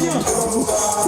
Olha!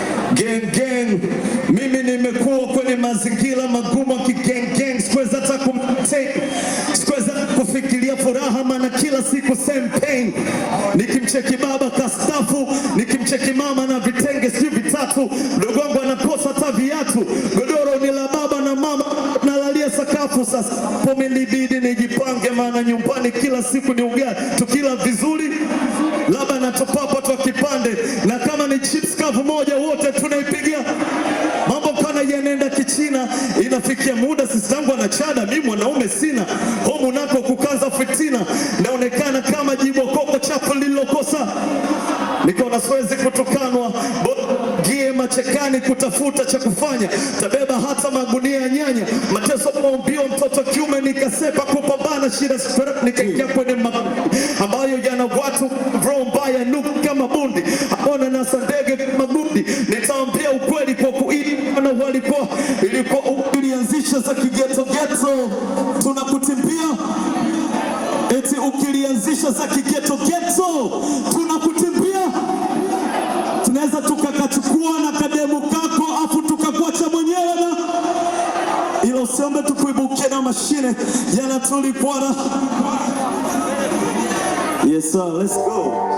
siku same pain. Nikimcheki baba kastafu, nikimcheki mama na vitenge si vitatu, mdogongo anakosa hata viatu, godoro ni la baba na mama nalalia sakafu. Sasa pomenibidi nijipange, maana nyumbani kila siku ni ugali, tukila vizuri labda natopapa twa kipande, na kama ni chips kavu moja wote tunaipiga yanaenda kichina. Inafikia muda sisi zangu anachada, mimi mwanaume sina homu nako kukaza nikaona siwezi kutukanwa, ngie machekani kutafuta cha kufanya, tabeba hata magunia ya nyanya, mateso maumbio mtoto kiume, nikasepa kupambana shida, nikaingia kwenye ambayo yana watu roho mbaya, nuka kama bundi, ona nasa ndege magundi. Nitaambia ukweli kwa kuina walikuwa ilikuwa ukilianzisha za kigeto geto, tunakutimbia eti ukilianzisha za kigeto geto tuna yale yanatuli Bwana. Yes sir, let's go.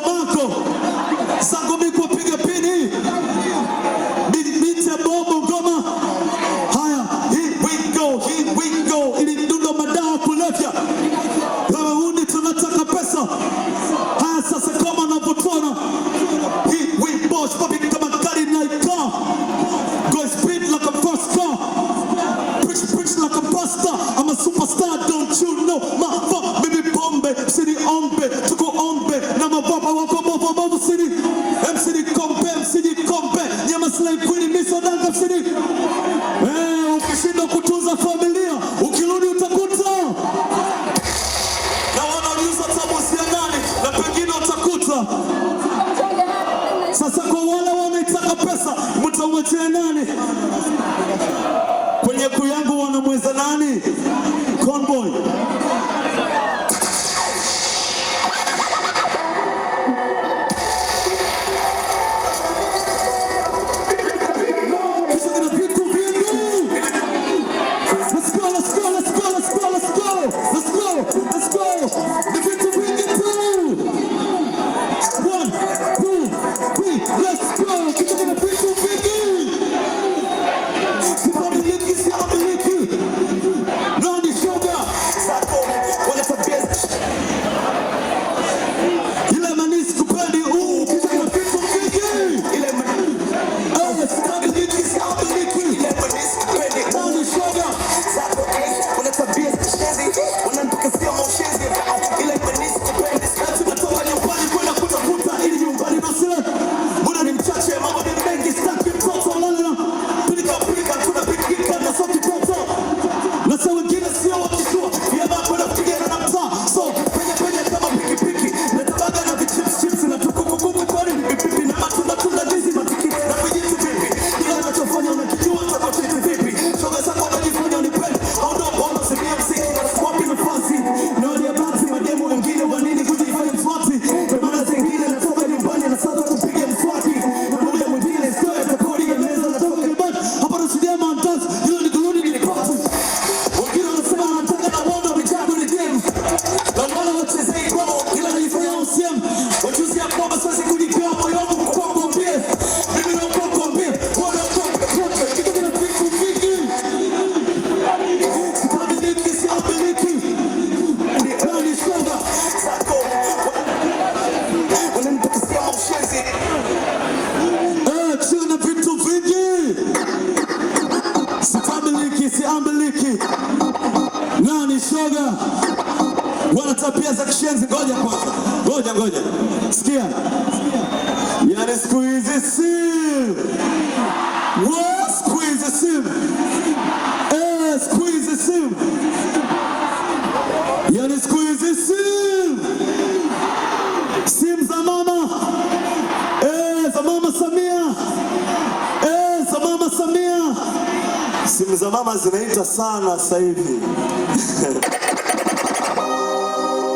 poromoko maslahi kweli, misodanga sini eh, ukishindwa kutunza familia ukirudi utakuta na wanajiuza tabusia nani na pengine utakuta sasa. Kwa wale wanaitaka pesa mtawachia nani? Wana tabia za kishenzi. Ngoja kwanza, ngoja ngoja, sikia yani, siku hizi simu, simu, e, yaani za mama e, e, simu za mama zinaita sana sasa hivi